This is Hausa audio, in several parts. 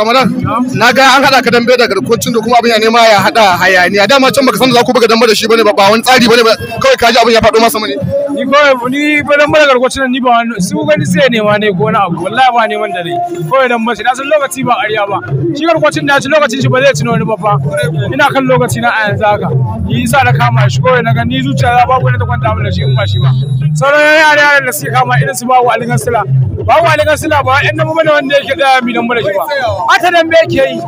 Ramadan, na ga an haɗa ka dambe da garkocin da kuma abin ya nema ya haɗa hayaniya. Dama can baka san da za ku buga dambe da shi bane ba ba wani tsari bane ba kawai ka ji abin ya faɗo masa mane. Ni ko ni ba dambe da garkocin ni ba wani su gani sai nema ne ko na abu wallahi ba neman da dai kawai dambe shi da san lokaci ba ariya ba. Shi garkocin da ci lokacin shi ba zai ci wani ba fa. Ina kan lokaci na a yanzu haka. Ni sa da kama shi kawai na ga ni zuciya za ku ne ta kwanta mun da shi in ba shi ba. Sauran yare-yaren da suke kama irin su babu aligan sila. Babu aligan suna ba yan namu mana wanda yake da mi nan da shi ba bata nan me yake yi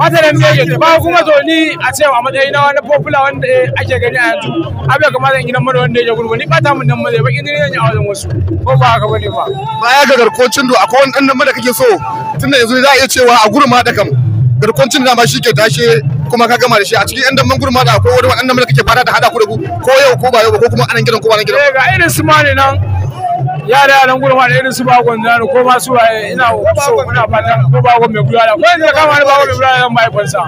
bata nan me yake ba kuma zo ni a ce a matsayin na wani popular wanda ake gani a yanzu abu ya kamata in gidan mana wanda yake gurbi ni ba ta mun nan mazai ba in ne yi a wajen wasu ko ba haka bane ba baya ga garkocin do akwai wani dan nan da kake so tunda yanzu za a iya cewa a gurma da kam garkwancin da ma shi ke tashe kuma ka gama da shi a cikin yan damban gurma da akwai wani wannan da kake fara da hada ku da ku ko yau ko ba yau ba ko kuma anan gidan ko ba nan gidan eh, ga irin su ma ne nan yara yaran gurin da irin su bakon zanu ko ma su waye ina so muna fatan ko bakon mai gudana ko in kama ni bakon mai gudana zan mahaifansa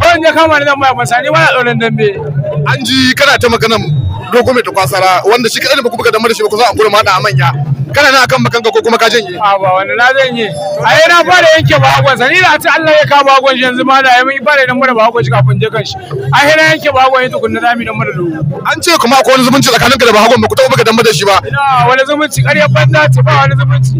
ko in ya kama ni zan mahaifansa ni ma na tsoron dambe an ji kana ta maganan dogo mai ta kwasara wanda shi kaɗai ba ku buga damar shi ba ku za a gurin ma da manya kana na akan bakanka ko kuma ka janye a ba wani na zan yi a na fara yanke bagon sa ni da ta Allah ya ka shi yanzu ma da mun fara idan mura bagon shi kafin je kan shi a na yanke bagon yanzu kunna zami dan mura dogo an ce kuma akwai wani zumunci tsakaninka da bagon ba ku taɓa baka damba da shi ba ina wani zumunci ƙaryar banza ce ba wani zumunci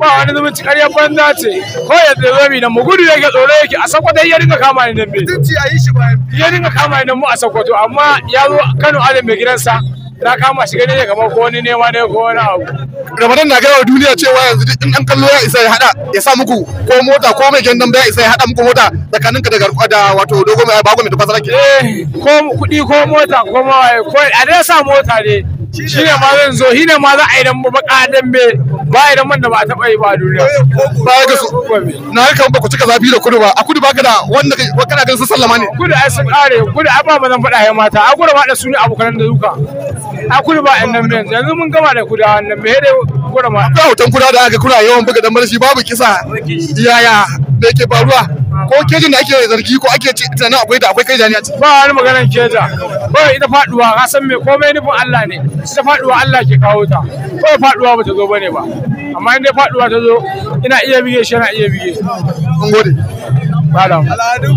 ba wani zumunci ƙaryar banza ce ko ya zo mi nan mu gudu yake tsoro yake a sako dai ya dinga kama ni dambe zumunci a yi shi ba ya dinga kama ni dan mu a sako to amma ya zo Kano Adam mai gidansa ta kama shi gani ne kamar ko wani nema ne ko wani abu ramadan na gaya duniya cewa yanzu duk in an kallo ya isa ya hada ya sa muku ko mota ko mai gyandan ya isa ya hada muku mota tsakanin ka da da wato dogo mai bago mai tafasa ke. eh ko kudi ko mota ko mawaye ko a dai sa mota ne shi ne ma zan zo shi ne ma za a yi dan baka dambe ba idan da ba a yi ba duniya eh, ba ga su na ka ba ku cika zafi da kudu ba a kudu ba ka da wanda kana gan su sallama ne kudu ai sun kare kudu ai ba ba zan faɗa ya mata a kudu ba da su ne abokan da duka a kudu ba annan men yanzu mun gama da kudu a me da kudu ma akwai hoton kudu da aka kuna yawan buga dambe shi babu kisa yaya da yake faruwa ko kejin da ake zargi ko ake tunanin akwai da akwai kai da a ciki ba wani maganar keja ba ita faduwa ka san me komai nufin Allah ne ita faduwa Allah ke kawo ta ko faduwa ba ta zo bane ba amma in dai faduwa ta zo ina iya bige shi ina iya bige mun gode ba da al'adu